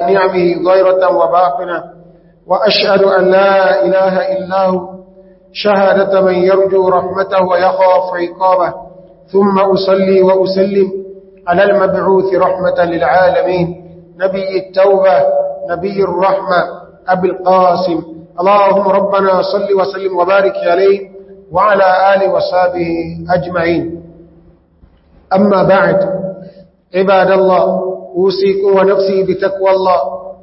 نعمه ظاهرة وباطنة وأشهد أن لا إله إلا هو شهادة من يرجو رحمته ويخاف عقابه ثم أصلي وأسلم على المبعوث رحمة للعالمين نبي التوبة نبي الرحمة أبي القاسم اللهم ربنا صل وسلم وبارك عليه وعلى آله وصحبه أجمعين أما بعد عباد الله أوسيكم ونفسي بتقوى الله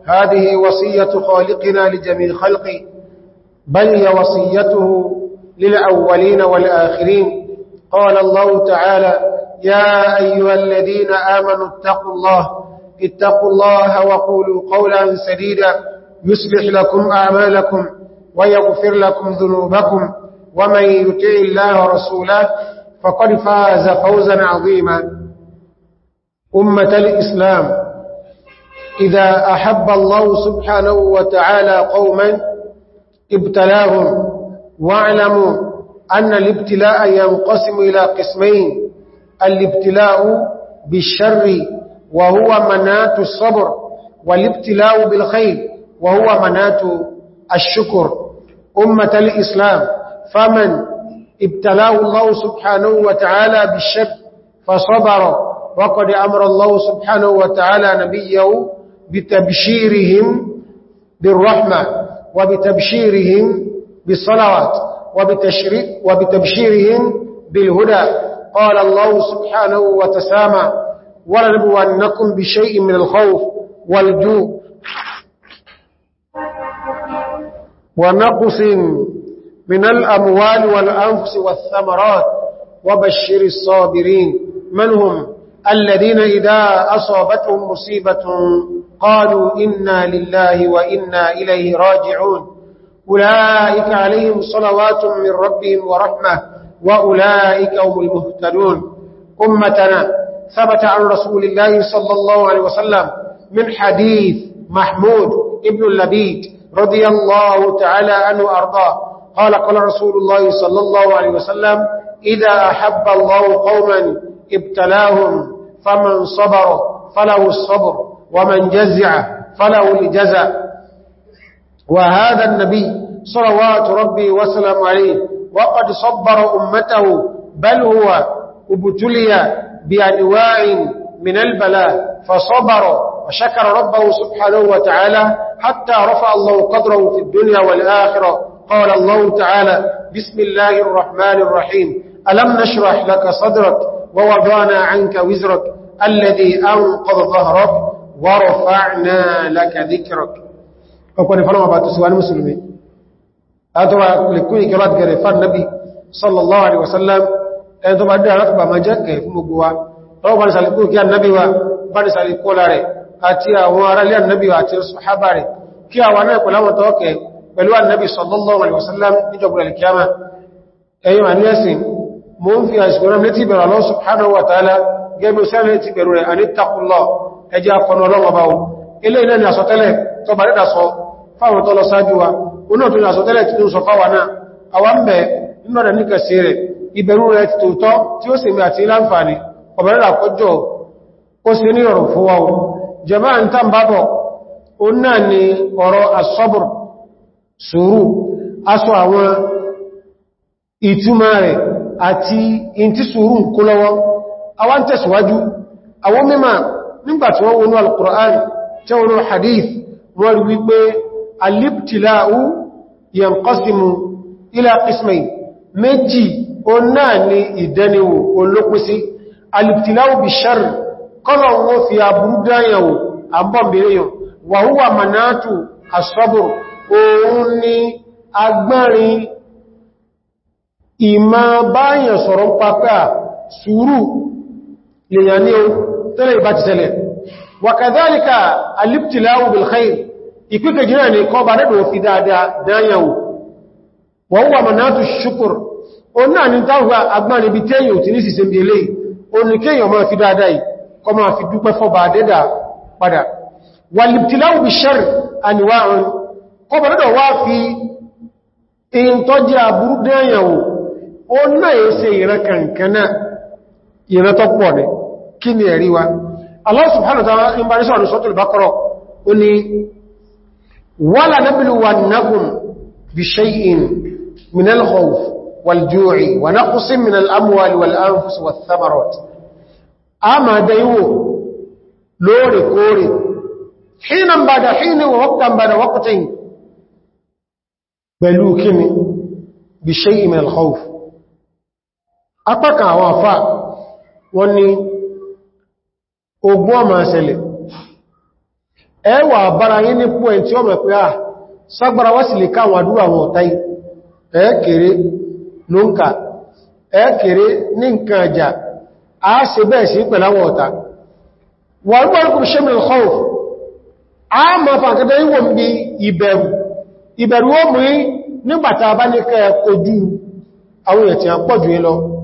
هذه وصية خالقنا لجميع خلقه بل هي وصيته للأولين والآخرين قال الله تعالى يا أيها الذين آمنوا اتقوا الله اتقوا الله وقولوا قولا سديدا يسبح لكم أعمالكم ويغفر لكم ذنوبكم ومن يتعي الله رسوله فقد فاز فوزا عظيما أمة الإسلام إذا أحب الله سبحانه وتعالى قوما ابتلاهم واعلموا أن الابتلاء ينقسم إلى قسمين الابتلاء بالشر وهو منات الصبر والابتلاء بالخير وهو منات الشكر أمة الإسلام فمن ابتلاه الله سبحانه وتعالى بالشر فصبر وقد أمر الله سبحانه وتعالى نبيه بتبشيرهم بالرحمة وبتبشيرهم بالصلوات وبتبشيرهم بالهدى قال الله سبحانه وتسامى أنكم بشيء من الخوف والجوء ونقص من الأموال والأنفس والثمرات وبشر الصابرين من هم الذين إذا أصابتهم مصيبة قالوا إنا لله وإنا إليه راجعون أولئك عليهم صلوات من ربهم ورحمة وأولئك هم المهتدون أمتنا ثبت عن رسول الله صلى الله عليه وسلم من حديث محمود ابن اللبيت رضي الله تعالى عنه أرضاه قال قال رسول الله صلى الله عليه وسلم إذا أحب الله قوما ابتلاهم فمن صبر فله الصبر ومن جزع فله الجزع وهذا النبي صلوات ربي وسلم عليه وقد صبر أمته بل هو ابتلي بأنواع من البلاء فصبر وشكر ربه سبحانه وتعالى حتى رفع الله قدره في الدنيا والآخرة قال الله تعالى بسم الله الرحمن الرحيم ألم نشرح لك صدرك ووضعنا عنك وزرك الذي أنقض ظهرك ورفعنا لك ذكرك أكون فلما بعد سؤال مسلمين أدرى لكل كرات قريفة النبي صلى الله عليه وسلم أن تبع دعا رتبة ما جاءك في مقوى أو بان سألقوك يا النبي وبان سألقوا لاري أتي أورا لي النبي وأتي الصحابة لي كي أوانا يقول لهم توقع بلو النبي صلى الله عليه وسلم يجب للكيامة أيها الناس من في أسكرام التي بر الله سبحانه وتعالى gẹ́gbẹ́ sẹ́rẹ̀ ti bẹ̀rù rẹ̀ ànítakùnlọ ẹjẹ́ akọ̀nà ọlọ́wọ́ba o ilé ilẹ̀ ni àsọtẹ́lẹ̀ tó bá rẹ̀dà sọ fáwọn tó lọ sáájú wa onótún ni àsọtẹ́lẹ̀ tí ó sọ fáwà náà àwọn mẹ́ nínú rẹ̀ níkẹsí rẹ̀ ìbẹ̀rù rẹ̀ ti tòótọ́ tí ó sì mẹ́ àti láǹfààní sùúrù kó lọ́wọ́ àwọn tẹ̀síwájú àwọn mímọ̀ nígbàtí wọ́n wọnú al-Qur'an tí wọ́n wọnú hadith wọ́n rí wípé alìbtìláú yanqasimu ila qismayn méjì o náà ni ìdẹniwò olókúsí alìbtìláú bí ṣar kọ́lọ̀ wọ́n fi aburú dáyàwó àbọ̀bìnrin wa huwa manatu sùúrù lèyàn ní o tẹ́lẹ̀ ìbá ti ṣẹlẹ̀ wàkàdálíkà alìptìláwò bilkhair ìpínkà jìnà ní kọ́ bá nẹ́bẹ̀ òfin dáadáa dáyàwó wọ́n wà manatu ṣukur o náà ní táwà agbáni bí tẹ́yìn ò ti ní sísẹ̀ bí eléyìí o ní kéyàn máa fi dáadáa yìí kọ́ máa fi dúpẹ́ fọ́ bá dẹ́dà padà wàlìptìláwò bí ṣẹ́r àbúrú dáyàwó o náà yẹ́ se ìrẹ́kànkanáà ìran tó pọ̀ ní kí ni ẹ̀rí wa Allah subhanahu wa ta'ala ń bá ní sọ̀rọ̀ sọ́tọ̀ ìbákọ́rọ̀ ó ní wala nabluwannakum bi shay'in min al-khawf wal-ju'i wa naqsin min al-amwali wal-anfus wath-thamarat a ma daiwo lóòrèkóòrè àwọn àfáà wọ́n ni ogun ọmọ ṣẹlẹ̀ ẹwà bára yí nípò ẹ̀ tí ọmọ pé à sagbara wá lè káwọn àdúrà wọn ọ̀táyì ẹ̀ẹ́kèrè ló ń ka ẹ̀ẹ́kèrè ní nǹkan àjà a ṣe bẹ́ẹ̀ sí pẹ̀láwọ̀ ọ̀ta a iwọ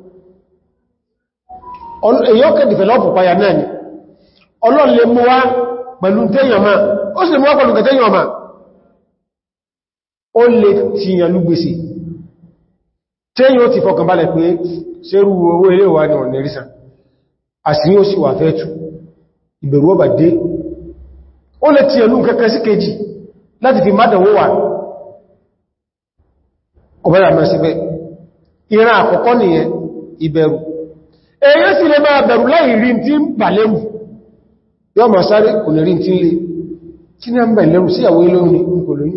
èyàn eyi dìfẹ̀lọ́pù payà náà ni ọlọ́run lè mú wá pẹ̀lú tẹ́yàn máa ó sì lè mú wá pẹ̀lú tẹ́yàn ó lè tìyàn lúgbèsè tẹ́yàn ó ti fọkànbalẹ̀ pé sẹ́rù owó ilé ní ọ̀nà ìrísàn àsìrí ó sì wà fẹ́ ìbẹ̀rù ọba ìbẹ̀rù èyí sì lè máa bẹ̀rù láì rí tí ń bà lẹ́rù yọ́ ma sáré kò lè rí tí ń lè kí ní àmbà ìlẹ́rù sí àwọn ilé òní kò lóyún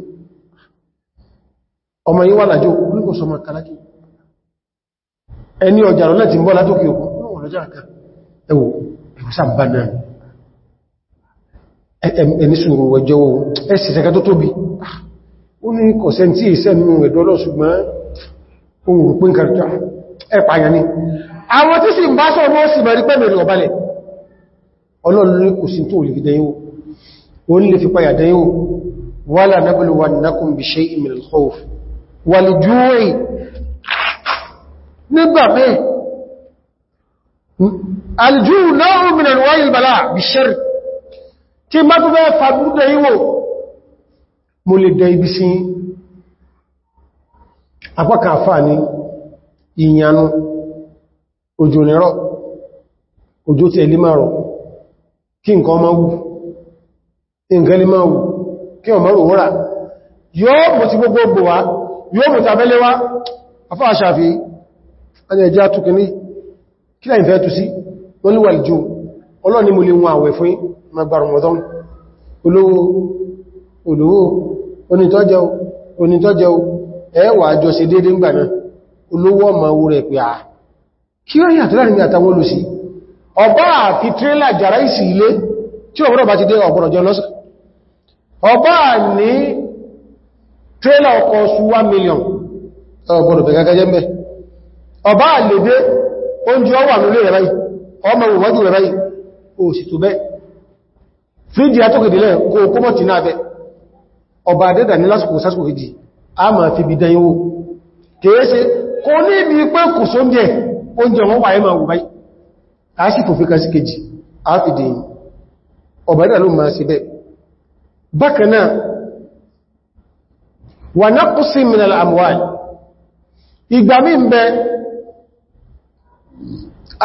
ọmọ yí wà lájò oníkò sọmọ kalájò ẹni ọjà rọ̀ láti ń bọ́ látókè òkú ẹ̀pàyàn ni àwọn tí sì ń bá sọ̀rọ̀ ó sì mẹ́rí pẹ́ mẹ́rin ọ̀bálẹ̀ ọlọ́run ní kò sí tó olè fìdẹ̀ yóò o ní lè fi payà dẹ̀ yóò wala nabluwannakum bi shay'in min al-khawf wal-ju'i nígbà mẹ́ al-ju'u tí má tó bẹ́ẹ̀ fàbú dẹ̀ mo lè dẹ̀ ibi sí apákàfà ní ìyanu òjò nìrọ̀ ojú tí ẹlé e máa rọ̀ kí nǹkan máa wù nǹkan lè máa wù kí ọmọ rò wọ́ra yóò mú ti gbogbogbò wá yóò mú tàbẹ́lé wá afá àṣàfi ẹni ẹjá túnkì kí láì fẹ́ tú sí wọ́n ní ọlọ́ni mo lè wọn àwẹ̀ fún magbarumọ̀tán olówó kí ó rí àtúlárin àtàwọn olùsí ọba àfi tírélà jàrá ìsì ilé tí ọ̀pọ̀rọ̀ bá ti dé ọ̀pọ̀rọ̀ jọ lọ́sàn ọba ní tírélà ọkọ̀ suwa mílíọ̀n ọ̀pọ̀rọ̀ bẹ̀ gẹ́gẹ́ mẹ́ ọba lè dé oúnjẹ ọwà nílé rẹ̀ báyìí ọmọ ìwọ́jú rẹ̀ báyìí ó sì tó bẹ́ kejì kò ní ibi pé oúnjẹ wọn wáyé máa wù báyìí a sì fòfin kan sí kejì a fi dì yìí ọ̀bẹ̀dà ló máa sí bẹ́ bákan náà wà náà kú sí minal amwal ìgbà mí ń bẹ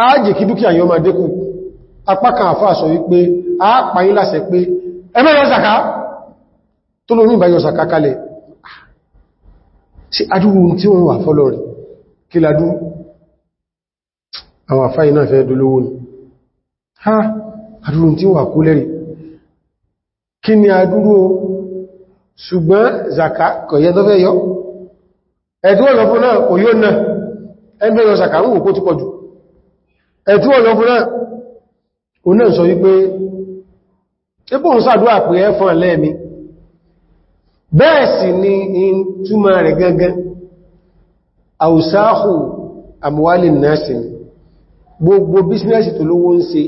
ààjì kí dúkìá yọ máa dékù apákan àfáà wípé a pàyí láṣẹ pé ẹmẹ́ ah, kí ladú àwọn àfáì náà fẹ́ dolówó ni ha àdúrùn tí wà kú lẹ́rì kí ni àdúrú ṣùgbọ́n zaka kọ̀yẹ́ tó fẹ́ yọ ẹ̀tú ọ̀lọ́fún náà kò yóò náà ẹgbẹ́ zaka ń wò kó ti pọ̀jù ẹ̀tú ọ̀lọ́fún náà o náà sọ ni in túmọ̀ rẹ̀ gangan àmúwálì náà sì ni gbogbo bísínẹ́sì tó lówó ń ṣe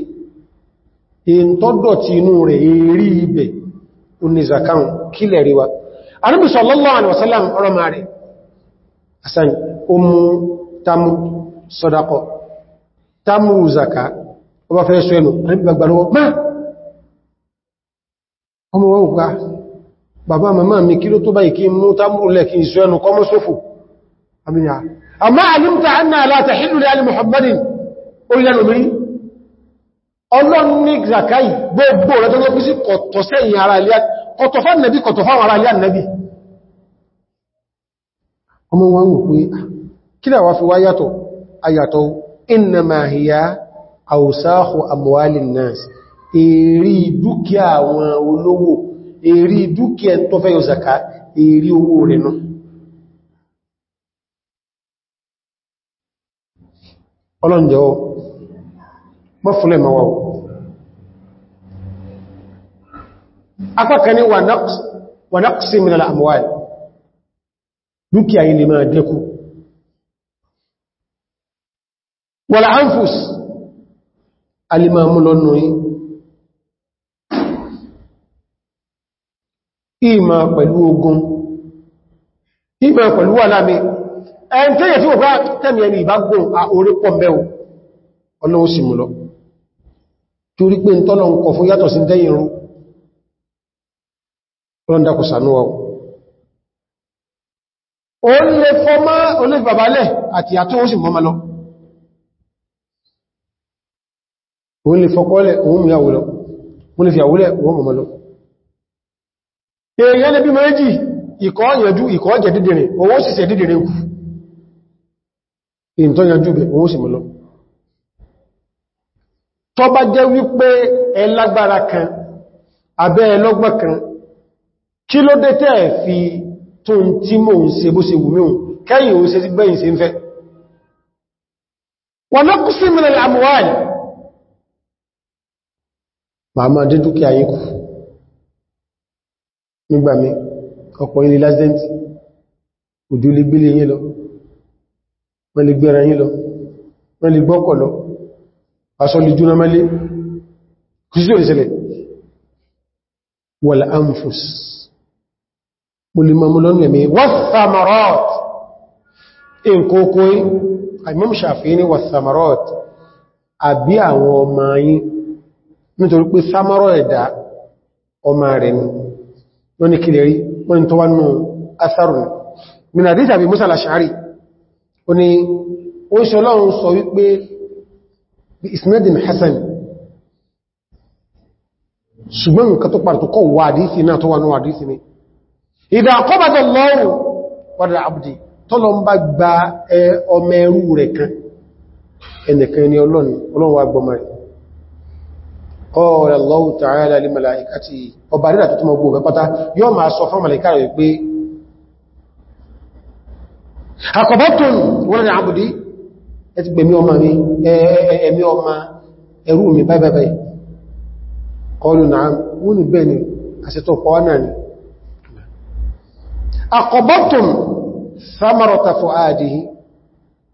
in tọ́dọ̀ ti inú rẹ̀ èrí ibẹ̀ onízakáun kílẹ̀ ríwá Ànábì sallallahu alaihi wasallam ọ̀rọ̀ máa rẹ̀ asani omu tamu sọ́dakọ̀ tamu zaka ọba fẹ́ sọ ẹnu Ànábì gbagbalọ́wọ́ máa ọmọ wọ́n gbá bàbá màmá mi kí ló tó báyìí kí mú tamu kí ìsọ ẹnu àmìyà àmá alimta anna la tahillu li orílẹ̀-èdè obìnrin ọlọ́run ní zakai gbogbo rẹ̀ tó ló kú sí kọ̀tọ̀sẹ́ ìyìn ara ilé kọ̀tọ̀fà nẹ̀bí kọ̀tọ̀fà ara ilé nẹ̀bí ọmọ wọn wò pé ah, kí náà wá fi wá yàtọ̀ ayàtọ̀ innama hiya awsakhu amwalin nas èrí dúkìá àwọn olówó èrí dúkìá tó fẹ́ yọ zaka èrí owó rẹ̀ náà ọlọ́njẹ́ ọ mọ́fúnlẹ̀ mọ́wọ́ apákaní wà náàkùsí mìírànlá àmúwáì dúkìá yìí lè máa dẹ́kù wàlá ánfùs alìmọ̀mú lọ́nà yìí ìmọ̀ pẹ̀lú ogun ìmọ̀ pẹ̀lú wà láàmì ẹn tí yẹ tí ó bá tẹ́mì ẹni ìbágbóhùn a orí pọ̀ mẹ́ ọlọ́wọ́ sì mú lọ torí pé tọ́lọ ń kọ fún yàtọ̀ sí dẹ́yìn rú rọ́ndakù sànúwà ó lè fọ́mọ́ olóògbàbálẹ̀ àti àtọ́ ó sì mọ́mọ́ lọ ó lè fọ́kọ́lẹ̀ òun mú yàwó lọ èèyàn lè bí méjì ìkọ́ yẹ̀dú ìkọ́ jẹ̀ dídìrín owó sì sẹ̀ dídìrín kù ìntọ́ yanjú bẹ̀ òun sì mọ́lọ tó bá jẹ́ wípé ẹlágbára kan abẹ́ ẹlọ́gbọ́n kan kí ló dé tẹ́ fi tó ń tí mò ń ṣe bó ṣe wù mí kẹ́yìn òun ṣe sí gbẹ́yìn ṣe ń fẹ́ wọ́n lè gbẹ̀rẹ̀ yìí lọ wọ́n lè gbọ́kọ̀ lọ aṣọ lè jùna mẹ́lé kìsíò ìṣẹ̀lẹ̀ wal anfus mo lè mọ́mú lọ́nà ẹ̀mí wathamarat in kókó imam Shafi'i ní wathamarat àbí àwọn ọmọ yìí nítorí pé samarọ̀ ẹ̀dá ọmọ rẹ̀ ni wọ́n ni kìlẹ̀rí wọ́n ni tọ́wọ́nù asarun min hadith Musa al ó ní ó ń ṣọlọ́run sọ wípé bí hassan ṣùgbọ́n nǹkan tó pàdà wà náà tó wà ní àdísì ni ìdá àkọ́bàtọ̀ lọ́rùn padà abdi tọ́lọ ń bá gba ọmọ ẹrú rẹ̀ kan ẹnìkan ni ọlọ́run wà gbọmọ rẹ̀ àkọ̀bọ́tún wọ́n ni àbùdí ẹ ti gbẹ̀mí ọmọ mi ẹ̀mí ọmọ ẹrú mi báibáibáì kọlu na wọ́n ni bẹ́ẹ̀ àṣẹtọ̀ pọ̀ náà ni àkọ̀bọ́tún samarota fọ́ àdìí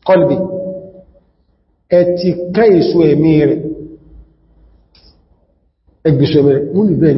kọlbì ẹ ti ká èso ẹ̀mí rẹ̀ ẹgbèsò ẹ̀mí wọ́n ni bẹ́ẹ̀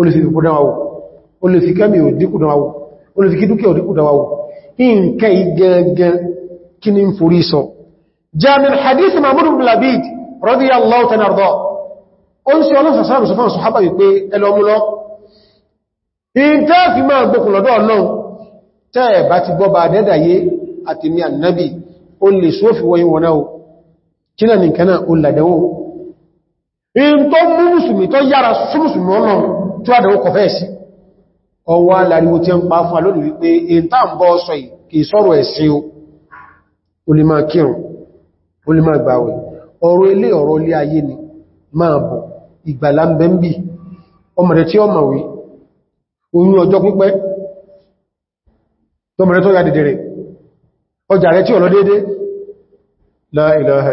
ó lè fi ìpò dánwàwò ó lè fi kẹ́mì òdíkù dánwàwò ó lè fi kí dúkẹ́ òdíkù dánwàwò ìǹkẹ́ igẹ́gẹ́ kí ní ń forí sọ jamin hadith mahmud ibn labid radiyallahu ta'ala anhu ó ń ṣe ọlọ́sà sáàrù sọ fún ṣùhábà wípé in tẹ́ fi máa gbókùn ọlọ́run tẹ́ bá ti gbọ́ bá dẹ́dàyé àti ní annabi ó lè sófì wọ́yí wọn náà kí náà nìkan náà ó làdẹ̀wò tó àdàwó kọfẹ́ sí ọwọ́ alàríwò tí ń pa fún alónìí wípé èyí tàà ń bọ́ ọsọ yìí sọ́rọ̀ ẹ̀sìn o lè kírùn o lè máa gbàwẹ̀ ọ̀rọ̀ ilé ọ̀rọ̀ ilé ayé ni máa bọ̀ ìgbàlá ń bẹ ń bí ọmọdé tí ọjà la ilaha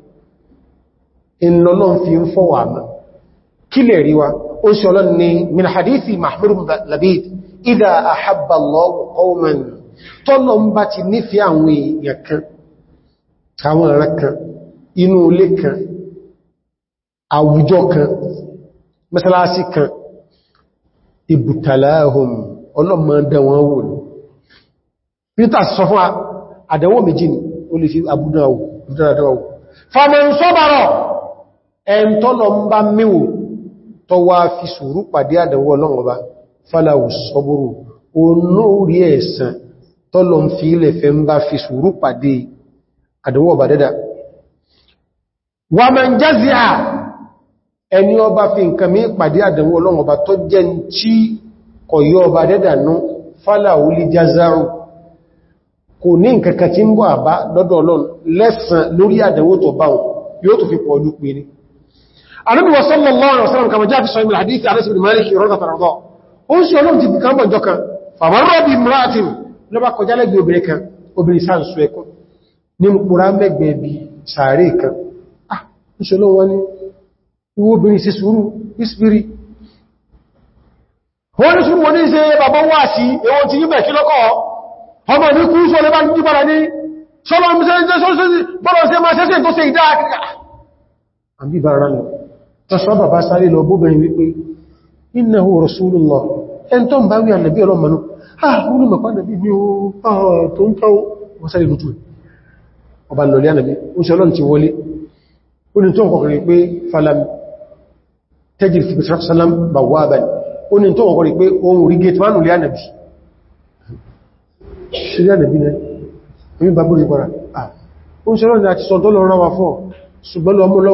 ìlọ́lọ́n fi ń fọ́wà mọ́ kí lè ríwá ó ṣe ọlọ́n ni min hadithi mahmud labid idha ahabba Allahu qawman tọ́lọ ń bá ti nífẹ́ àwọn èèyàn kan àwọn ará kan inú ilé kan àwùjọ kan mẹ́sàlásí kan ibùtàláhùn ọlọ́mọ wò ní ń sọ́bàrọ̀ ẹntọ́lọ ń bá mẹ́wò tọ wá fi sùúrù pàdé àdánwò Ọlọ́run Ọba fàlàwù sọ́bùrù onóòrí ẹ̀sàn tọ́lọ ń fi ilẹ̀ fẹ́ ń bá fi sùúrù pàdé àdánwò Ọba dẹ́dà wà mẹ́ jẹ́zíà ẹni ọba fi nǹkan mí pàdé àdánwò Ọlọ́run tó jẹ́ jazaru kò ní nǹkankan tí ń bọ̀ àbá lọ́dọ̀ yóò tó fi pọ̀ ọdún pé ní Ànábì sallallahu alaihi wasallam kama jaa fi sahih al-hadith Anas ibn Malik radhiyallahu anhu ó ń ṣe ọlọ́run ti kàn bọ̀ jọkan fàbárọ̀ bí mìíràtìm ló bá kọjá lẹ́gbẹ̀ obìnrin kan obìnrin sáà ń wọ́n ní ṣe bàbá wà sí ewọ́n ti yíbẹ̀ kí lọ́kọ̀ ọmọ ní kú sọ lẹ́bá ní bára ní sọ́lọ́run tọ́ṣọ́bà bá sáré lọ bóbìnrin wípé innahu rasulullah ẹn tó ń bá wí ànàbí ọlọ́mọ̀nú ààrùn mọ̀pá ànàbí ní o tó ń tọ́wọ́ wọ́n sáré lójú ọba lọlé ànàbí ó ṣe ọlọ́n ti wọlé ó ní tó ń kọkọrì pé falam tajid fi salam bawaban ó ní tó kọkọrì pé ohun rí gate manu náà omi babúrí pọ̀ra ó ń ṣe ọlọ́n ti fọ́ ṣùgbọ́n lọ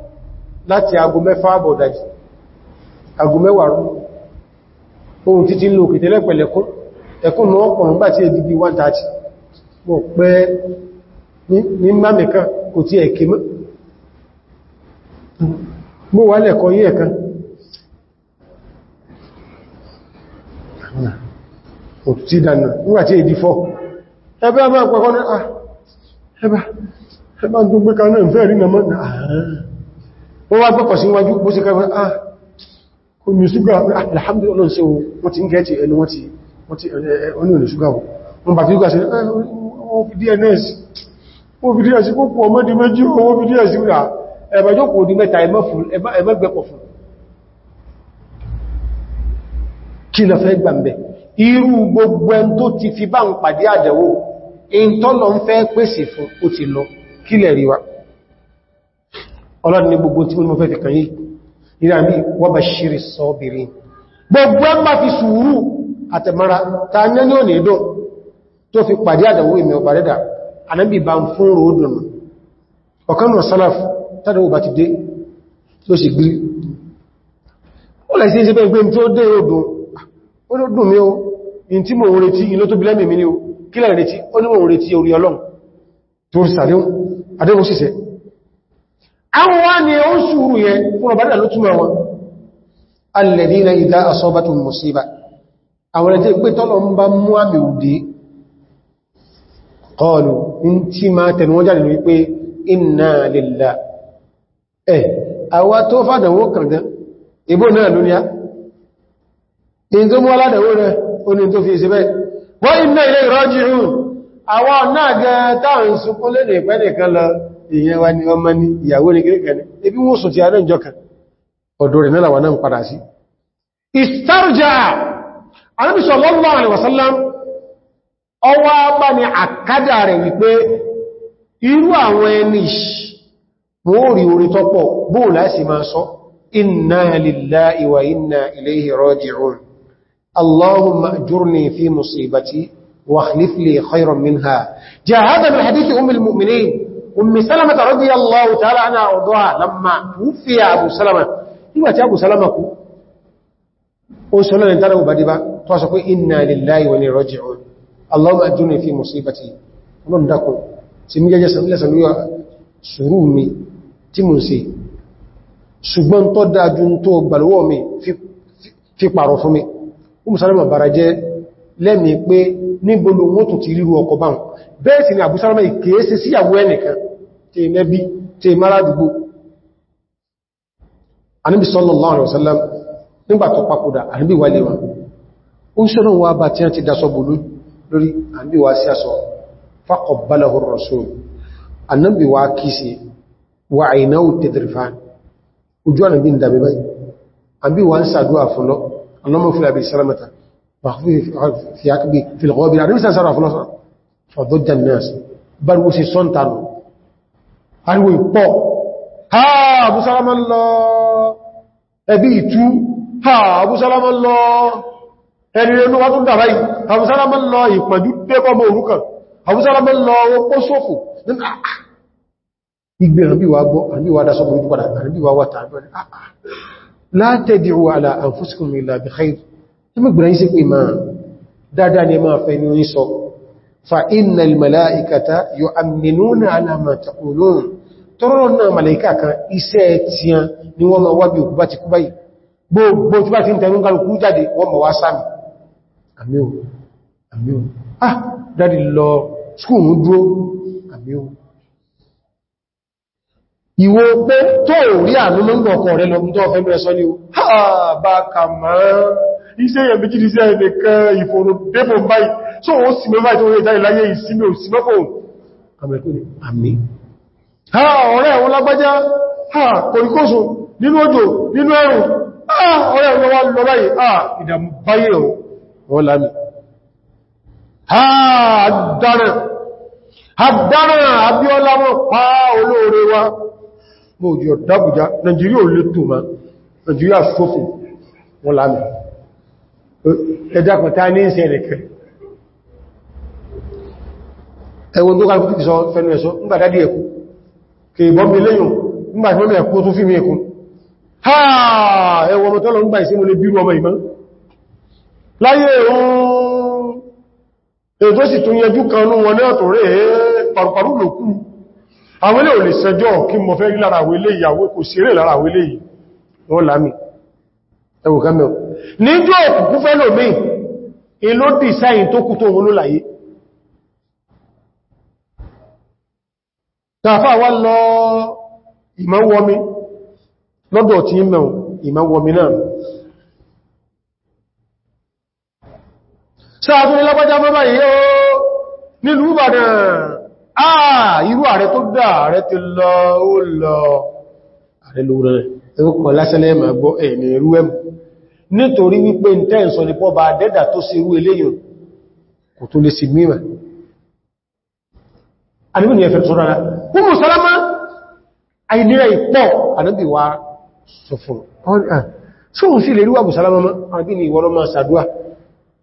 Lati aago mẹ́fà àbọ̀dájì waru ohun títí ń lo òkìtẹ́lẹ̀ pẹ̀lẹ̀kún ẹkùn náà pọ̀rún bá 130 mọ̀ pẹ́ ní mẹ́mẹ́kan kò tí ẹ̀kẹ́ mọ́ mọ́ wà lẹ́kọ́ yí ẹ̀kan òtútí dànà nígbàtí náà ẹbá ẹbá tó gbé kan náà fẹ́ rí wọ́n wá gbọ́kọ̀ sí wájú bó sí kẹfẹ́ ah kò ní ṣúgbà ah, alhamdulillah sí wọ́n ti ń gẹ́ẹ̀tì ẹni wọ́n ti ọ̀nà ìlú ṣúgbà wọn bàtí ṣúgbà sí wọ́n fi dns wọ́n fi dns ah, di mẹ́ta ẹmẹ́gbẹ̀pọ̀ fún kí lọ fẹ́ gbàmbẹ̀ irú gbogbo ẹn tó ti fi bá ń pàdé àdẹ̀wò in tọ́lọ ń ọlọ́dún ní gbogbo tí mo fẹ́ fi kàn yí ìrànbí wọ́bà ṣírí sọ́bìnrin gbogbo ẹgbà fi sùúrù àtẹ̀mọ́ra ta ní ní òní ìdó tó fi pàdé àdàwó ìmẹ̀ ọba rẹ̀dà anábì bá ń fún ròódùn ọ̀kanù salaf tàdàwó bá ti dé tó sì gbí ó lẹ́sí ṣe pé gbé tó dé ròódùn àwọn wá ní ó ṣúrù yẹ fún ọ̀bá ló túnmọ̀ wọn na idha asabatuhum musiba àwọn ẹjẹ́ pé tọ́lọ ń bá mú àmì in tí ma tẹnu wọ́n jáde wípé inna lillahi ẹ̀ àwa tó fàdàwó kàngán ibò náà lóníá in tó mú aládàwó rẹ̀ fi èèyàn wa ni ọmọ ni ìyàwó ní gíríkẹ̀ ní ebí wọ́n sùn ti adé ìjọ kan ọ̀dọ̀ rẹ̀ mẹ́làwà náà ń padà sí istarja Ànábì sallallahu alaihi wasallam ọwá bá ní àkádà rẹ̀ wípé irú àwọn ẹni bóòrí orí tọ́pọ̀ bóòlá sì máa sọ inna lillahi wa أم سلمة رضي الله تعالى عنها أرضها لما توفي أبو سلمة لما تي أبو سلمة كو أسلم أن تنبو بدبا توسكو إنا لله ونرجعون اللهم أجني في مصيبتي ولن دكو سمي جاجة سمي لسمي سرومي تمنسي ṣùgbọ́n tó dájú tó gbàlúwọ́ mi fi pààrọ̀ fún mi. ó mùsànlẹ̀mọ̀ bàrà jẹ́ lẹ́mìí pé níbo ló wọ́n tó ti ríru ọkọ̀ báhùn bẹ́ẹ̀ ni Abu Salama ìkèése síyàwó ẹnìkan tí mẹ́bí tí mara dùgbò Ànábì sallallahu alaihi wasallam nígbà tó papòdà Ànábì wà lẹ́wà ó sọ́rọ̀ wà bá tí a ti dasọ bò lórí Ànábì wà sí asọ faqabbalahu ar-rasul Ànábì wà kìíse wà àìnáwò tẹ́tẹ̀rẹ̀fà ojú Ànábì ń dàbí báyìí Ànábì wà ń sàdúwà fún lọ Allahumma fil abi salamata wa ọ̀dọ́jà nẹ́ẹ̀sì báriwo sí sọ́ntànù ariwo ìpọ̀ ha abúsálámọ́ lọ ẹbí ìtú ha abúsálámọ́ lọ ẹni rẹ̀ olúwa tó dàbá yìí abúsálámọ́ lọ ìpàdú pẹ́kọ́mọ òrukàn abúsálámọ́ lọ ó sófò ìgbẹ̀rẹ̀ bí wà gbọ́ àríwá dásọ́ burúkú padà àríwá wà tàbí ọ̀rẹ́ àà látẹ̀dìwò àlà àǹfúsíkùnrin ìlàbí khayr tí mẹ́gbìnrin sí pé máa dáadáa ni máa fẹ́ ní oníṣọ́ فإن الملائكة يؤمنون على ما تقولون tọ́rọ̀nà màlàíkà kan iṣẹ́ tí a ni wọ́n ma wá bí òkú bá ti kú báyìí gbogbo tí bá ti ń tẹ̀lú ń kálùkú jáde wọ́n ma wá sáàmì àmíò ah dáadì lọ skúùmù dúró àmíò ìwò pé tó rí àánú mọ́ ọkọ̀ rẹ lọ so ó sì mẹ́fà tó rẹ̀ jáde láyé ìsinmi ò sí mọ́kò àmẹ́kùnrin àmì ha ọ̀rẹ́ àwọn lágbájá ha kòríkóso nínú òjò nínú ẹ̀rùn ha ọ̀rẹ́ àwọn wá lọ báyìí ha ìdàmú báyé ọ̀ lámì ha dára ha dára abíọ́lá wọn mo jí ọ̀dábùjá Nàìjíríà ò lè tó ma Nàìjíríà sófin wọn lámì ẹjá pẹ̀ta ní ìṣẹ́ ẹ̀rẹ̀kẹ́ ẹwọ tó kàrùkú ti sọ fẹ́nu ẹ̀ṣọ́ nígbà dádí ẹ̀kú kì í bọ́mí léyùn nígbà ẹ̀kú tó fi mí ẹ̀kú ha ẹwọ ọmọ tọ́lọ nígbà ìsinmi lè bírú ọmọ ìmọ́ láyé ohun ètò sì tún yẹjú kan ní wọn náà tó rẹ̀ pàrùpàrù lòkú àwọn ilé ò lè sẹjọ́ kí mo fẹ́ rí lára àwọn ilé sáyìn tó kú tó wọn ló láyé tàfà wá lọ ìmọ̀wọ́mí lọ́dọ̀ tí ń mẹ́un ìmọ̀wọ́mí náà sáàtún ní lápájá mọ́bá yìí ó nílùú Ìbàdàn àà irú ààrẹ tó dá ààrẹ ti lọ ó lọ ààrẹ ló rẹ̀ ẹgbùkọ̀ lásẹ́lẹ̀ ẹ̀mà gbọ́ ẹ̀ẹ̀nì irú ẹ̀m nítorí wípé ń tẹ́ ní pọ́ bá dẹ́dà tó sí irú eléyìn kò tó lè sì mímẹ̀ àníbì ni ẹ̀fẹ̀ tó rárá Umu Salama àìlera ìpọ̀ àníbì wa sọ̀fún ṣóhun sí lè rí wà Salama mọ́ àníbì ni ìwọ́n máa sàdúwà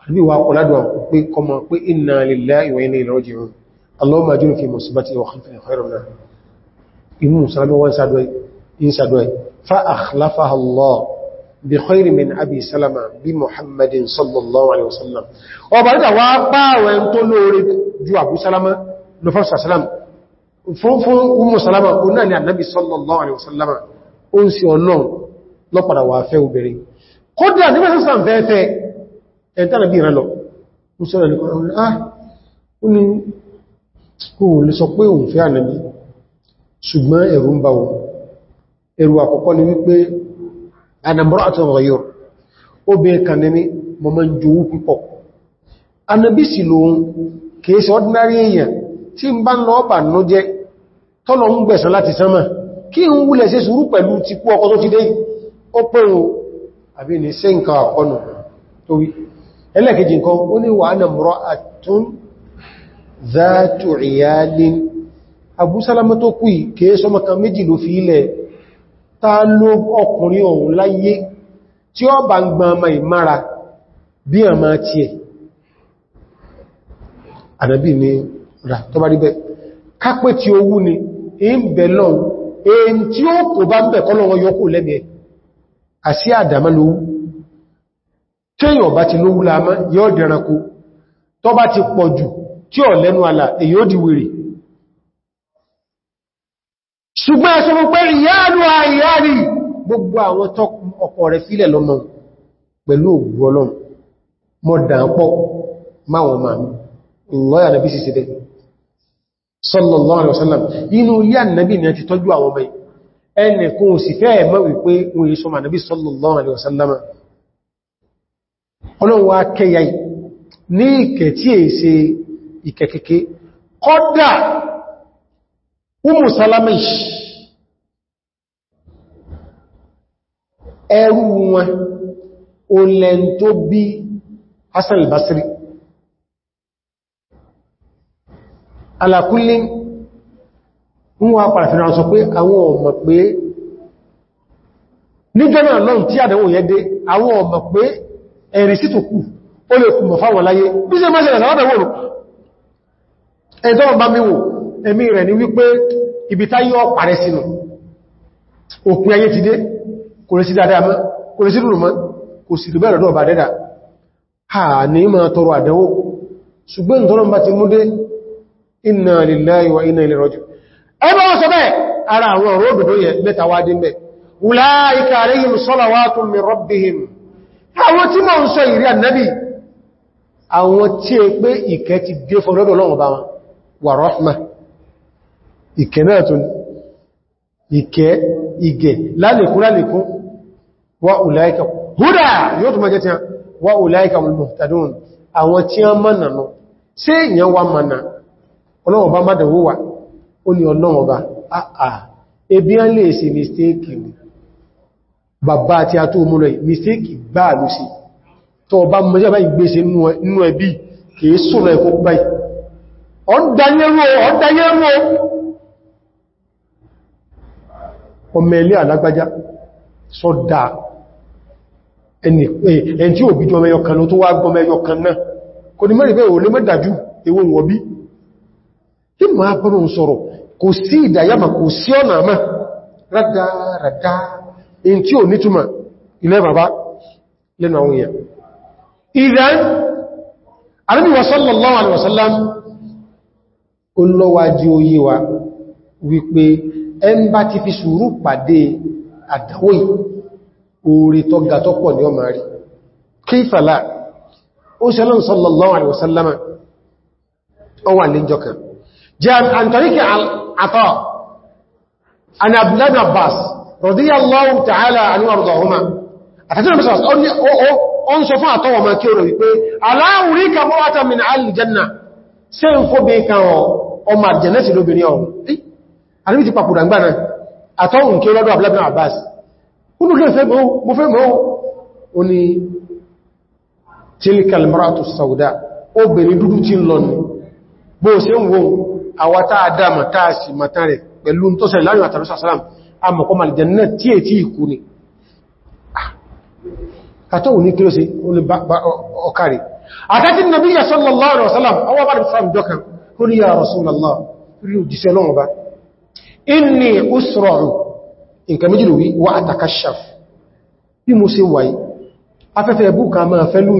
àníbì wa kọ̀ládùn pé kọmọ pé inna lillahi wa inna ilayhi raji'un Allahumma ajurni fi musibati wa khayran minha Umu Salama wọ́n sàdúwà fa akhlafaha Allah bi khayrin min Abi Salama bi Muhammadin sallallahu alaihi wasallam ọba nígbà wá lọ fún sàṣàlám fún fún umu salama o náà ni annabi sallallahu alaihi wasallama o ń sí ọ̀nà lọ́pàdà wà fẹ́ obìnrin kódà nígbà sàṣàm fẹ́ẹ̀fẹ́ ẹ̀ntánà bí ìrẹ́lọ musulman nìkan ọ̀rọ̀ ah ó ní kòhùn lè sọ pé òun fẹ́ ànàbí ṣùgbọ́n ẹ̀rù ń bá wọn ẹ̀rù èèyàn tí ń bá ń lọ bà ní tọ́lọ ń gbẹ̀sàn láti sánmà kí ń wúlẹ̀ sí pẹ̀lú ti kú ọkọ tó ti dé ó pẹ̀rún àbí ní sí nǹkan ọ̀nà tó wí ẹlẹ́kejì nǹkan ó ní wà ánà tó ta àdàbí ni rà tó bá rí bẹ́ kápẹ́ tí owú ni in bẹ̀ lọ́n èyí tí ó kò bá bẹ̀ kọ́ lọ́wọ́ yọkù lẹ́mí ẹ̀ àsí àdàmà lówú kéyàn bá ti lówú láàmá yóò dẹranko tó bá ti pọ̀ jù tí ò lẹ́nu àlà èyí di wèrè ṣùgbọ́n ẹ̀sùn mú pé sí sí bẹ́ẹ̀ sallallahu alaihi wasallam inú ilé annabi ni a ti tọ́jú àwọn ọmọ ẹni kún sì fẹ́ ẹ̀mọ́ wípé wọ́n yí sọmọ annabi sallallahu alaihi wasallam ọlọ́wọ́ akẹyà ní ìkẹ̀ tí è ṣe ìkẹ̀kẹ́kẹ́ kọ́dà ẹrù wọn olẹ́n bí Hasan alákúnlé ń wá padà fìnà sọ pé àwọn ọmọ pé níjọ́ náà lọ́n tí àdánwò yẹ dé àwọn ọmọ pé ẹ̀rì sí tó kù ó lè kùmọ̀ fáwọn láyé bí ṣe mọ́ ṣẹlẹ̀ sáwọ́dẹ̀ wòrò ẹ̀dọ́ ọba míwò ẹ̀mí rẹ̀ ni wípé ibi ha ní ma tọrọ àdánwò ṣùgbọ́n tọ́lọ́mbà ti mú dé inna lillahi wa inna ilaihi raji'un ẹgbẹ́ wọn sọ bẹ́ ara àwọn ọ̀rọ̀ òdòdó yẹ mẹ́ta wá dín bẹ́ ulaika alayhim salawatun min rabbihim àwọn tí ma ń sọ ìrí annabi àwọn tí è pé ìkẹ́ ti dé fọ́lọ́dọ̀ lọ́wọ́ bá wọn wà rahma ìkẹ́ náà tún ìkẹ́ ìgẹ̀ àwọn tí a mọ́nà náà sí wa mọ́nà ọlọ́wọ̀ bá mádà wó wà ó ní ọlọ́wọ̀ bá ah, àà ah, ebí án lè ṣe mistéèkì ni bàbá àti àtó múlẹ̀ mistéèkì bá ló sí tó ọba mọ́jẹ́ bá ìgbésẹ̀ nínú ẹbí kìí sọ̀rọ̀ ẹ̀kọ́ báyìí ọmọ ilé alágbájá sọ́dá ẹni tí òbí jọ mẹ́yọkan ló tó wá gbọmẹ́yọkan náà kò ní mẹ́rin bẹ́ẹ̀ ò lé mẹ́dàjú ewò wọ̀bí tí ma bọ́nà sọ̀rọ̀ kò sí ìdáyàmà kò sí ọ̀nà àmà rádáradá in tí ò nítúmà ilẹ̀ bàbá lẹ́nu àwọn èèyàn ìdán àríwá sallallahu alaihi wasallam olówájí oyé wa wípé ẹn bá ti fi sùúrù pàdé àdáwòyí orí tọ́gà tọ́pọ̀ ní ọmọ kífàlá ó sẹ́lọ́n sallallahu alaihi wasallam ọwà lẹ́jọ́ kan جاء عن طريق عطاء عن ابن عباس رضي الله تعالى عنه وارضاهما àtàtí ọmọ sọ́sọ́ ó ń sọ fún àtọwọ̀ ma kí o rò wípé aláwùrí ka mọ́wàtà min alìjanna ṣe ń fóbi kan ọmọ àjẹ́nà sí lóbi ní ọ̀rọ̀ alìbí ti papùdà ń gbà náà àtọ́hùn kí o lọ́dọ̀ abúlẹ́bìn Abbas kúrò lè fẹ́ mọ́ fẹ́ mọ́ o ni tilkal maratu sauda obìnrin dúdú ti ń lọ ní bó ṣe ń wo àwátá àdámà táàsì màtán rẹ̀ pẹ̀lú tó sẹ̀ láàrin àtàrí sàsàlám àmọ̀kọ́ màlìjẹ̀nà tí è tí ìkú ni àtọ́wù ah, ní kílọ́sí ọkàrí àtẹ́tí nàbí yà sallallahu alaihi wasallam ọwọ́ bá rẹ̀ ya Rasulullah rí òjíṣẹ́ lọ́wọ́ bá inni usra'u nǹkan méjì lórí wà àtàkàṣàf bí mo ṣe wáyé afẹ́fẹ́ ẹbùkà máa fẹ́ mo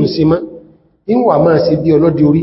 ń ṣe mọ́ ìwà máa ṣe bí ọlọ́dí orí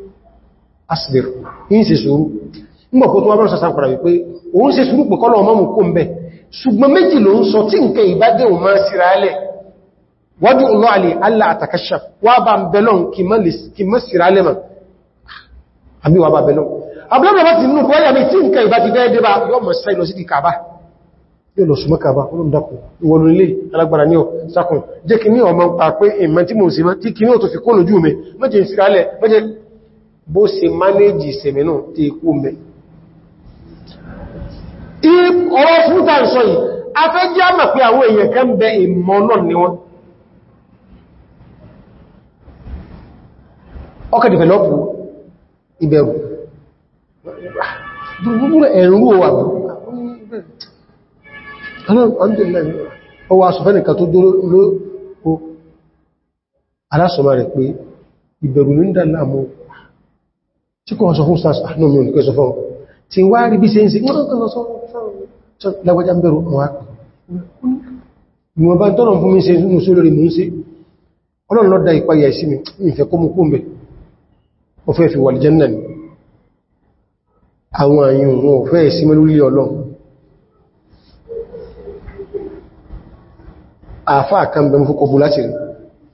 asibir in ṣe sùúrù ngbọ̀ kó tó wá bẹ́rẹ̀ sàṣán padà wípé òun ṣe sùúrù pẹ̀kọ́lọ̀ ọmọ mú kó ń bẹ̀ ṣùgbọ́n méjì ló ń sọ tí nǹkan ìbádé òun máa síra alẹ̀ wájú ọlọ́ alẹ́ alá àtàkàṣà wá bá ń di kàbá yóò lọ súnmọ́ kàbá olóòdàkùn ìwọ̀n ilé alágbára ní ọ̀ sákùn jẹ́ kí ní ọmọ pàpẹ́ ìmọ̀ tí mo sì bó ṣe manéjì ìsẹ̀mẹ̀ náà tí ikú mẹ́ ọ̀rọ̀ fúta ń sọ yìí a fẹ́ jẹ́ àmà pé àwọn èèyàn kẹ́ ń bẹ ìmọ̀ náà ni wọ́n ọkà dìfẹ̀lọ́pù ìbẹ̀rù gbogbo ẹ̀rù wà ọwọ́ asọ̀fẹ́ tó pé tí kò sọ fún sars àánúmí ò ní pé sọ fún tí wá rí bí ṣe ń ṣe lágbàjá bẹ̀rù àwọn àpù ìwọ̀n bá tọ́nà fún mi ṣe ń sọ lórí mú sí ọlọ́run lọ́dá ìpayà sí mi ìfẹ́ kó mú kó mẹ́ ó fẹ́ fi wà lìjẹ́nà ni àwọn àyùn wọn ò fẹ́ sí mẹ́ lórí ọlọ́run àfáà kan bẹ̀mú fún kọbù láti rí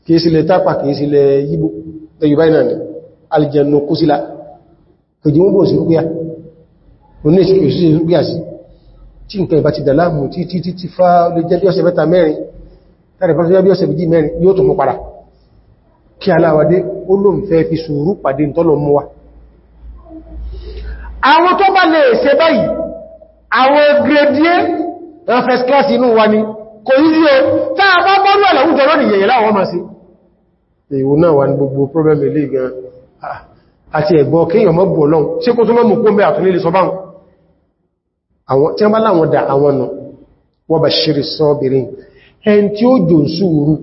kìí sílẹ̀ tápà kìí sílẹ̀ yíbo ẹ̀yùbáìnà ni alìjẹ̀nà kó sílá kèjì wọ́n bò sí rúgbíà oní ìsìnkú sí rúgbíà sí tí nǹkan ìbá ti dà láàmù tí tí tí tí fá lè jẹ́ bí ọ̀sẹ̀ mẹ́ta mẹ́rin tàbí bá jẹ́ bí ọ̀sẹ̀ méjì mẹ́rin yóò tó mú padà kí aláwàdé ó lóun fẹ́ fi sùúrù pàdé tọ́lọ ni kò yí o táà bá bọ́rú àlàwùjọ àti ẹ̀gbọ́ kíyàn mọ́ bù ọlọ́run tí kó tó mọ́ mú kó mẹ́ àtúnlé lè sọ báhùn àwọn tí wọ́n bá láwọn dà àwọn nù wọ́n bá ṣírí sọ́bìnrin ẹn tí ó jò ń súúrú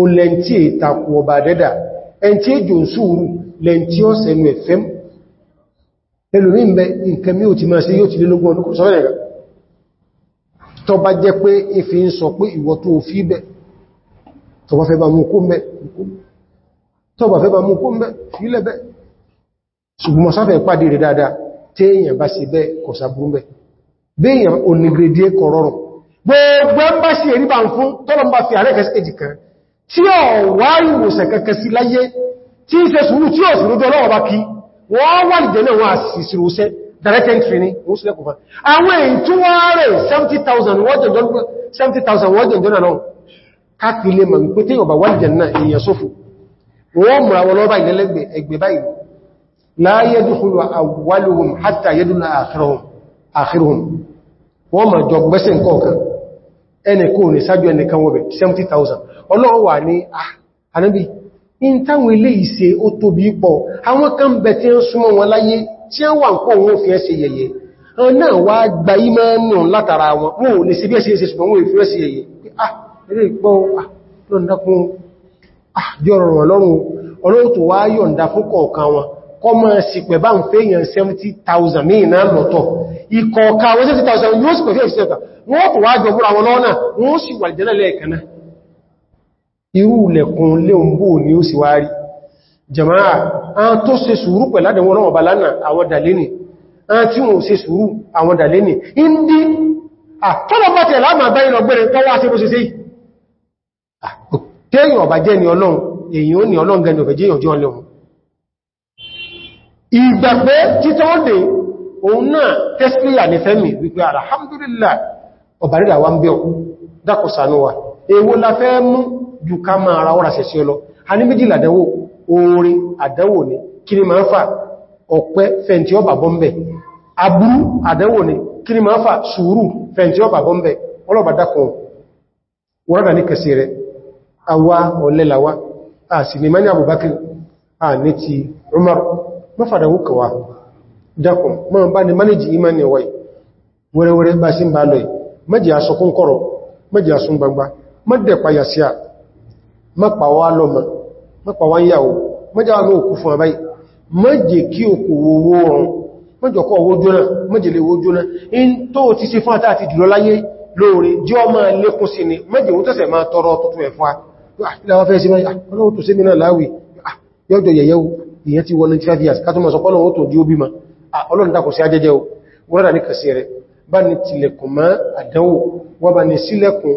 o lẹ́n tí è takù ọba dẹ́dà ẹn tí è jò ń súúrú lẹ́n tí ó sẹ́nu ẹ̀fẹ́m ẹlòmí fẹ́ bá mú kó mẹ́ tó ṣùgbọ́n mọ̀ sáfẹ́ pàdé rẹ̀ dáadáa tí èyàn bá sí bẹ́ kọ̀sà burúmbẹ̀ bí èyàn onígrèdí ẹkọ̀ rọrùn gbogbo ẹ bá sí èríbà ń fún tọ́lọm bá fi ààrẹ kẹsìkẹjì kan tí ó wá ìwòsàn sí láyé tí direct entry ni ó sílẹ̀ kò fa àwọn èyí tó wá rẹ̀ 70,000 wọ́jọ̀ jọ́nà náà káàkiri lè mọ̀ wípé tí ìyàn bá wà ní jẹ́ náà èyàn sófò لا يدخل أولهم حتى يدل آخرهم آخرهم wọ́n ma jọ gbẹ́sẹ̀ kọ̀ọ̀kan ẹni kò ní sájú ẹni kan wọ́bẹ̀ 70,000 ọlọ́wọ́ wà ní ah, ànábí in táwọn ilé ìṣe ó tóbi pọ̀ àwọn kan bẹ̀ tí ń súnmọ́ wọn láyé tí ó wà ń kó wọn fi ẹ́sẹ̀ yẹyẹ wọn náà wá gba ìmánù látara wọn wọn ò lè sí bí ẹ́sẹ̀ ẹsẹ̀ ṣùgbọ́n wọn ìfẹ́ ẹsẹ̀ yẹyẹ ah eré ìpọ́ ah lọ́ndakun ah jọ́rọ̀ ọlọ́run ọlọ́run tó wá yọ̀ǹda fún kọ̀ọ̀kan wọn kọmọ sípẹ̀ bá ń fẹ́ èèyàn 70,000 ní ìná lọ́tọ̀ ìkọ̀ọ̀ká wọ́n 70,000 yóò sípẹ̀ fẹ́ ìṣẹ́ta wọ́n tó wá jọ búra wọn lọ́nà wọ́n sì wà jẹ́lẹ̀ lẹ́ẹ̀kaná ni ó jama'a an tó ṣe sùúrù pẹ̀ládẹ̀wọ́n náà bá lánàá àwọn dàlénì an tí wọ́n ṣe sùúrù àwọn dàlénì indi àtọ́lọ̀ bá tẹ̀ láàmà bá ìrọ̀ gbẹ̀rẹ̀ tó wá sí bó ṣe sí tẹ́yìn ọ̀bà jẹ́ ni èyí ó ní ọlọ́run gẹni ọ̀bẹ̀ jẹ́ ìyànjú ọlọ́run ìgbà pé títọ́ dé òun náà tẹ́sílìyà ní fẹ́mì wípé alhamdulillah ọ̀bàrídà wa ń bẹ́ ọkú dákọsànúwà èwo la fẹ́ mú jù ká ma ara ọ́rà ọlọ a ní méjìlá ni kí ni ń fà ọ̀pẹ́ fẹ́ntí ọba bọ́m̀bẹ̀ aburú àdánwò ni kí ni ń a sì a ní ti mọ́fàdàwókà wa dákùn mọ́ bá ní manage imani wai wẹ́rẹ́wẹ́rẹ́ bá sí bá maji mẹ́jì asọkún kọ́rọ̀ mẹ́jì asún gbangba mẹ́dẹ̀ payà sí à mẹ́pàwà lọ́mọ mẹ́pàwà yàwó mẹ́jì àwọn òkú fún abáyì mẹ́jì kí òkú owó ọrùn mẹ́jì ọkọ̀ owó jóná mẹ́jì lè owó jóná in tó ti sí fún àtàtì jùlọ láyé lóòrè jí ọ máa lékún sí ni mẹ́jì ó tẹ́sẹ̀ máa tọrọ tuntun ẹ̀fọ́ ìyẹn ti wọ́n 95 years ká tó mọ̀ sọpọ́lọ̀ ó tó di ó bí ma ọlọ́run dákò sí ajẹ́jẹ́ o wọ́n rà ní kàsí rẹ̀ bá ní tilẹ̀kùn mọ́ àdánwò wọ́n bá ní sílẹ̀kùn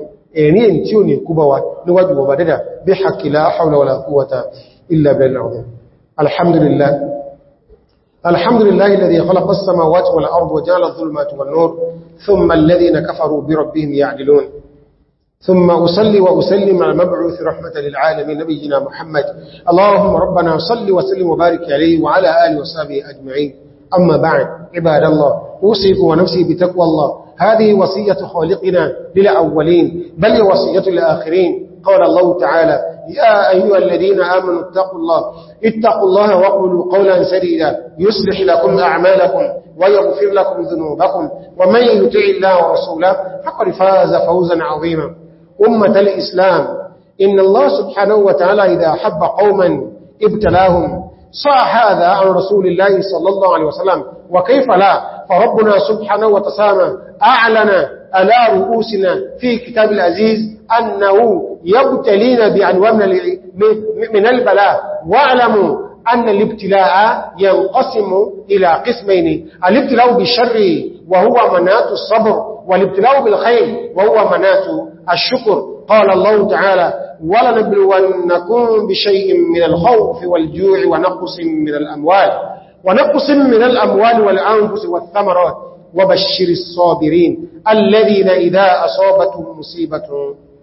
ثم أصلي وأسلم على مبعوث رحمة للعالمين نبينا محمد اللهم ربنا صل وسلم وبارك عليه وعلى آله وصحبه أجمعين أما بعد عباد الله أوصيك ونفسي بتقوى الله هذه وصية خالقنا للأولين بل وصية الآخرين قال الله تعالى يا أيها الذين آمنوا اتقوا الله اتقوا الله وقلوا قولا سديدا يصلح لكم أعمالكم ويغفر لكم ذنوبكم ومن يتعي الله ورسوله فقد فاز فوزا عظيما أمة الإسلام إن الله سبحانه وتعالى إذا أحب قوما ابتلاهم صاع هذا عن رسول الله صلى الله عليه وسلم وكيف لا فربنا سبحانه وتسامى أعلن ألا رؤوسنا في كتاب العزيز أنه يبتلين بعنوان من البلاء واعلموا أن الابتلاء ينقسم إلى قسمين الابتلاء بالشر وهو منات الصبر والابتلاء بالخير وهو منات الشكر قال الله تعالى ولنبلونكم بشيء من الخوف والجوع ونقص من الأموال ونقص من الأموال والأنفس والثمرات وبشر الصابرين الذين إذا أصابتهم مصيبة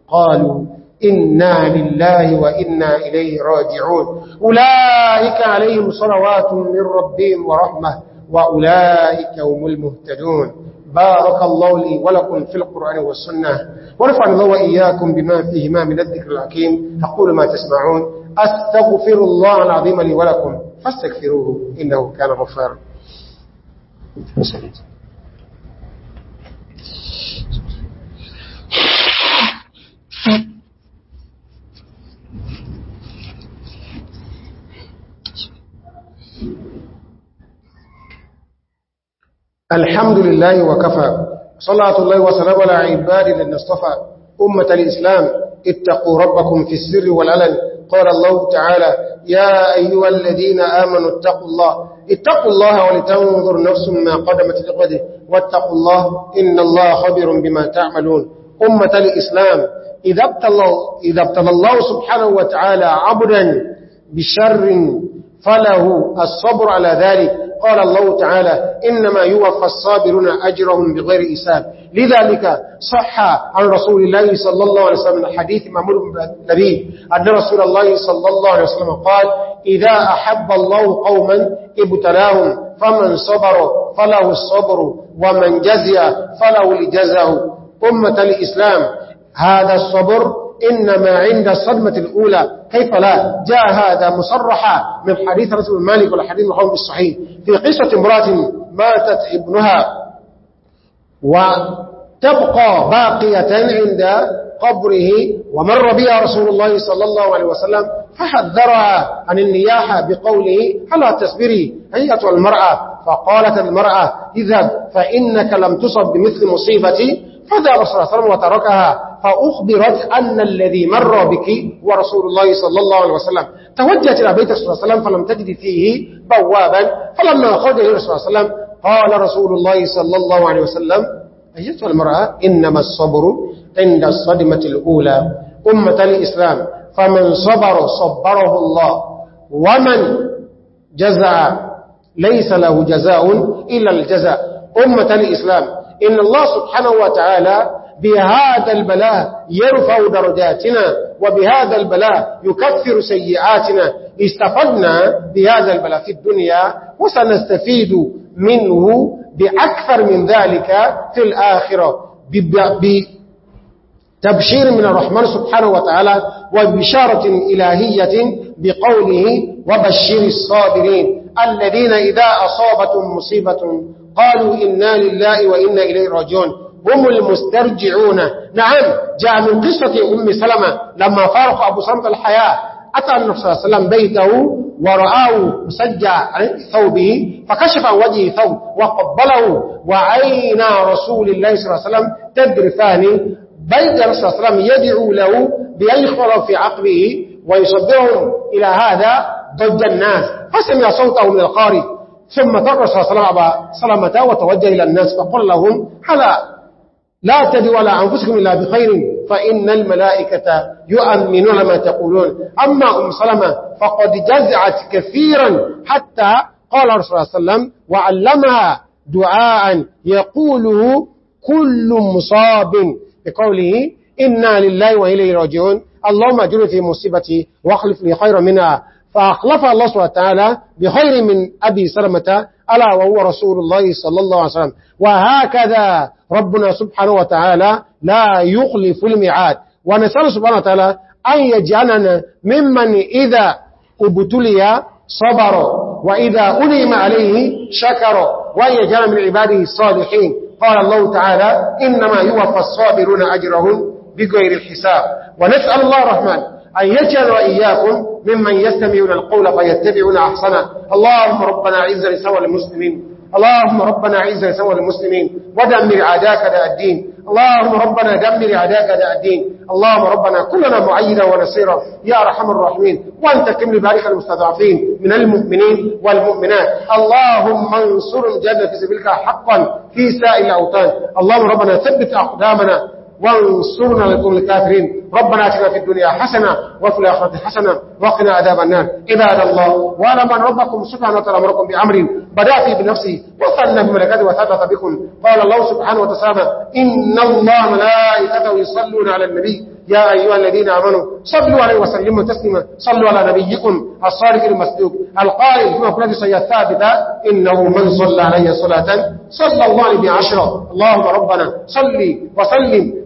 قالوا إنا لله وإنا إليه راجعون أولئك عليهم صلوات من ربهم ورحمة وأولئك هم المهتدون بارك الله لي ولكم في القرآن والسنة ورفع الله وإياكم بما فيهما من الذكر العكيم تقول ما تسمعون أستغفر الله العظيم لي ولكم فاستغفروه إنه كان غفارا الحمد لله وكفى صلاة الله وسلم على عباد الذين أمة الإسلام اتقوا ربكم في السر والعلن قال الله تعالى يا أيها الذين آمنوا اتقوا الله اتقوا الله ولتنظر نفس ما قدمت لقده واتقوا الله إن الله خبر بما تعملون أمة الإسلام إذا ابتلى, إذا ابتلى الله سبحانه وتعالى عبدا بشر فله الصبر على ذلك قال الله تعالى إنما يوفى الصابرون أجرهم بغير إساب لذلك صح عن رسول الله صلى الله عليه وسلم الحديث معمول النبي أن رسول الله صلى الله عليه وسلم قال إذا أحب الله قوما ابتلاهم فمن صبر فله الصبر ومن جزي فله الجزاء أمة الإسلام هذا الصبر إنما عند الصدمة الأولى كيف لا جاء هذا مصرحا من حديث رسول مالك والحديث الحوم الصحيح في قصة امرأة ماتت ابنها وتبقى باقية عند قبره ومر بها رسول الله صلى الله عليه وسلم فحذرها عن النياحة بقوله هل تسبري أيتها المرأة فقالت المرأة إذا فإنك لم تصب بمثل مصيبتي فذا رسول الله وتركها فأخبرت أن الذي مر بك هو رسول الله صلى الله عليه وسلم توجهت إلى بيت رسول الله وسلم فلم تجد فيه بوابا فلما خرج إلى رسول الله وسلم قال رسول الله صلى الله عليه وسلم أيتها المرأة إنما الصبر عند الصدمة الأولى أمة الإسلام فمن صبر صبره الله ومن جزع ليس له جزاء إلا الجزاء أمة الإسلام إن الله سبحانه وتعالى بهذا البلاء يرفع درجاتنا وبهذا البلاء يكفر سيئاتنا استفدنا بهذا البلاء في الدنيا وسنستفيد منه بأكثر من ذلك في الآخرة بتبشير من الرحمن سبحانه وتعالى وبشارة إلهية بقوله وبشر الصابرين الذين إذا أصابتهم مصيبة قالوا إنا لله وإنا إليه راجعون هم المسترجعون نعم جاء من قصة أم سلمة لما فارق أبو سلمة الحياة أتى النبي صلى الله عليه وسلم بيته ورآه مسجع عن ثوبه فكشف عن وجهه ثوب وقبله وعين رسول الله صلى الله عليه وسلم تدرفان بيت رسول الله صلى الله عليه وسلم يدعو له بأن في عقبه ويصدره إلى هذا ضد الناس فسمع صوته من القارئ ثم الله الرسول وسلم وتوجه إلى الناس فقل لهم حلا لا تدوا على أنفسكم إلا بخير فإن الملائكة يؤمنون ما تقولون أما أم سلمة فقد جزعت كثيرا حتى قال الرسول صلى الله عليه وسلم وعلمها دعاء يقوله كل مصاب بقوله إنا لله وإليه راجعون اللهم أجرني في مصيبتي واخلف لي خيرا منها فأخلفها الله سبحانه وتعالى بخير من أبي سلمة ألا وهو رسول الله صلى الله عليه وسلم وهكذا ربنا سبحانه وتعالى لا يخلف الميعاد ونسأل سبحانه وتعالى أن يجعلنا ممن إذا ابتلي صبر وإذا ألم عليه شكر وأن يجعل من عباده الصالحين قال الله تعالى إنما يوفى الصابرون أجرهم بغير الحساب ونسأل الله الرحمن أن يجعل وإياكم ممن يستمعون القول فيتبعون أحسنه اللهم ربنا عز لسوى المسلمين اللهم ربنا عز لسوى المسلمين ودمر عداك داء الدين اللهم ربنا دمر عداك داء الدين اللهم ربنا كلنا معينا ونصيرا يا رحم الرحمن وانت كم لبارك المستضعفين من المؤمنين والمؤمنات اللهم انصر الجنة في سبيلك حقا في سائل الأوطان اللهم ربنا ثبت أقدامنا وانصرنا لكم الكافرين ربنا اتنا في الدنيا حسنة وفي الآخرة حسنة وقنا عذاب النار عباد الله وانا من ربكم سبحانه وتعالى أمركم بأمر بدأ في بنفسه وصلنا بملكاته وثبت بكم قال الله سبحانه وتعالى إن الله ملائكته يصلون على النبي يا أيها الذين آمنوا صلوا عليه وسلموا تسليما صلوا على نبيكم الصالح المصدوق القائل في مفرد سيثابت إنه من صلى علي صلاة صلى الله عليه بعشرة اللهم ربنا صلي وسلم